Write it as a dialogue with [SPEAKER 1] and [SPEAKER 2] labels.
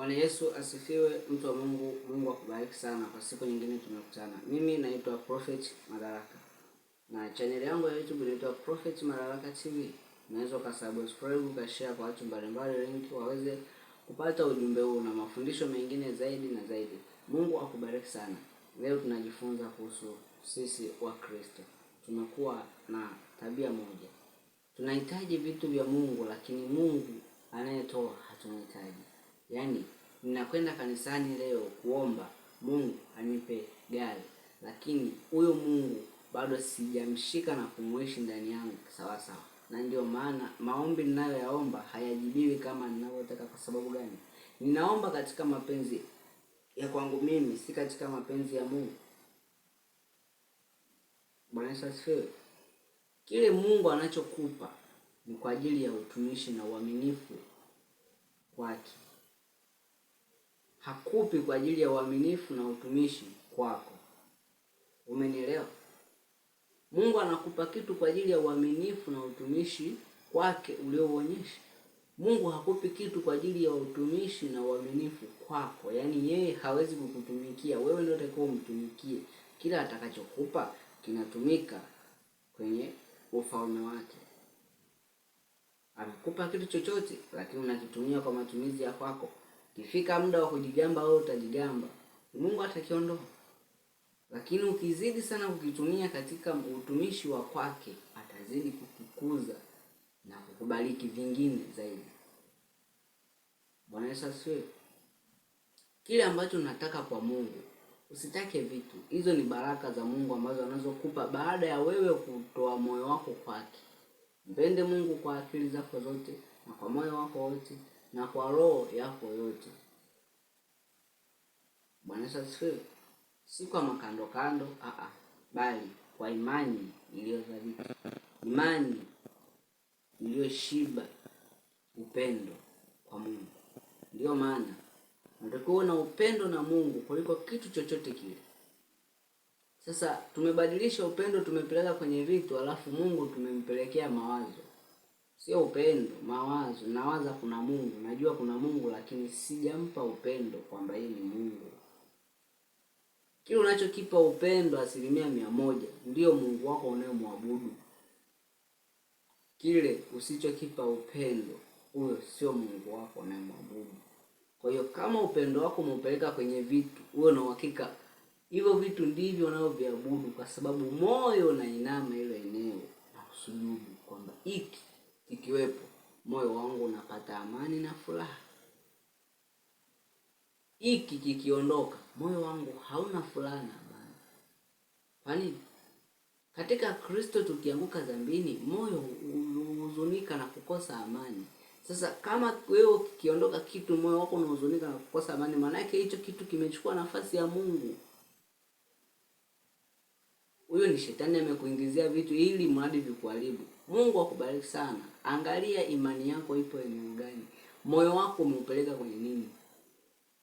[SPEAKER 1] Bwana Yesu asifiwe, mtu wa Mungu. Mungu akubariki sana kwa siku nyingine tumekutana. Mimi naitwa Prophet Madaraka na chaneli yangu ya YouTube inaitwa Prophet Madaraka TV. Unaweza ukasubscribe ukashare kwa watu mbalimbali, wengi waweze kupata ujumbe huu na mafundisho mengine zaidi na zaidi. Mungu akubariki sana. Leo tunajifunza kuhusu sisi wa Kristo tumekuwa na tabia moja, tunahitaji vitu vya Mungu, lakini Mungu anayetoa hatunahitaji Yaani ninakwenda kanisani leo kuomba Mungu anipe gari, lakini huyo Mungu bado sijamshika na kumuishi ndani yangu sawa sawa, na ndio maana maombi ninayoyaomba hayajibiwi kama ninavyotaka. Kwa sababu gani? Ninaomba katika mapenzi ya kwangu mimi, si katika mapenzi ya Mungu. Bwana Yesu asifiwe. Kile Mungu anachokupa ni kwa ajili ya utumishi na uaminifu wake
[SPEAKER 2] hakupi kwa ajili ya uaminifu na utumishi kwako. Umenielewa? Mungu anakupa kitu kwa ajili ya uaminifu na utumishi kwake uliouonyesha Mungu hakupi kitu kwa ajili ya utumishi na uaminifu kwako, yaani yeye hawezi kukutumikia wewe, ndio utakao umtumikie. Kila atakachokupa kinatumika kwenye ufalme wake. Amekupa kitu chochote, lakini unakitumia kwa matumizi ya kwako. Ikifika muda wa kujigamba, wewe utajigamba, Mungu atakiondoa. Lakini ukizidi sana kukitumia katika utumishi wa kwake, atazidi kukukuza na kukubariki vingine zaidi. Bwana Yesu asifiwe. Kile ambacho unataka kwa Mungu, usitake vitu. Hizo ni baraka za Mungu ambazo anazokupa baada ya wewe kutoa moyo wako kwake. Mpende Mungu kwa akili zako zote na kwa moyo wako wote na kwa roho yako yote. Bwana Yesu asifiwe. Si kwa makando kando, aa, bali kwa imani iliyodhabiti, imani iliyoshiba upendo kwa Mungu. Ndiyo maana unatakiwa na upendo na Mungu kuliko kitu chochote kile. Sasa tumebadilisha upendo, tumepeleka kwenye vitu, alafu Mungu tumempelekea mawazo sio upendo, mawazo. Nawaza kuna Mungu, najua kuna Mungu, lakini sijampa upendo kwamba yeye ni Mungu. Kile unachokipa upendo asilimia mia moja ndio Mungu wako unayemwabudu. Kile usichokipa upendo, huyo sio Mungu wako unayemwabudu. Kwa hiyo kama upendo wako umeupeleka kwenye vitu, uwe na uhakika hivyo vitu ndivyo unavyoviabudu, kwa sababu moyo inama ile eneo na kusujudu kwamba hiki ikiwepo, moyo wangu unapata amani na furaha. Hiki kikiondoka, moyo wangu hauna furaha na amani. Kwa nini? Katika Kristo tukianguka dhambini, moyo huzunika na kukosa amani. Sasa kama wewe kikiondoka kitu moyo wako unahuzunika na kukosa amani, maana yake hicho kitu kimechukua nafasi ya Mungu. Huyo ni shetani amekuingizia vitu ili mradi vikuharibu. Mungu akubariki sana. Angalia imani yako ipo eneo gani, moyo wako umeupeleka kwenye nini.